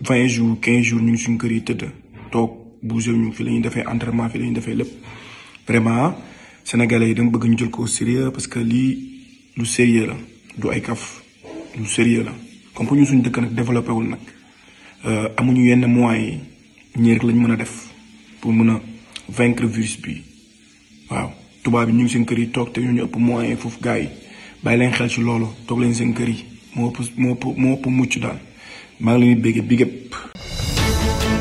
vingt jours quinze jours ñu ngi suñu kër yi tëdd toog bougé ñu fi la ñuy defee entraînement fi la ñuy defee lépp vraiment sénégalais yi dama bëgg ñu jël ko au sérieux parce que lii lu sérieux la du ay kaf lu sérieux la comme que ñu suñu dëkk nag développé wul nag euh, amuñu yenn moyens yi ñii rek lañ mën a def pour mën a vaincre virus bi waaw tubaab yi ñu ngi seen kër yi toog te ñooñu ëpp moyen foofu gars yi bàyyi leen xel ci loolu toog leen seen kër yi moo ëpp moo ëpp moo ëpp mucc daal maa ngi leen di bégg bi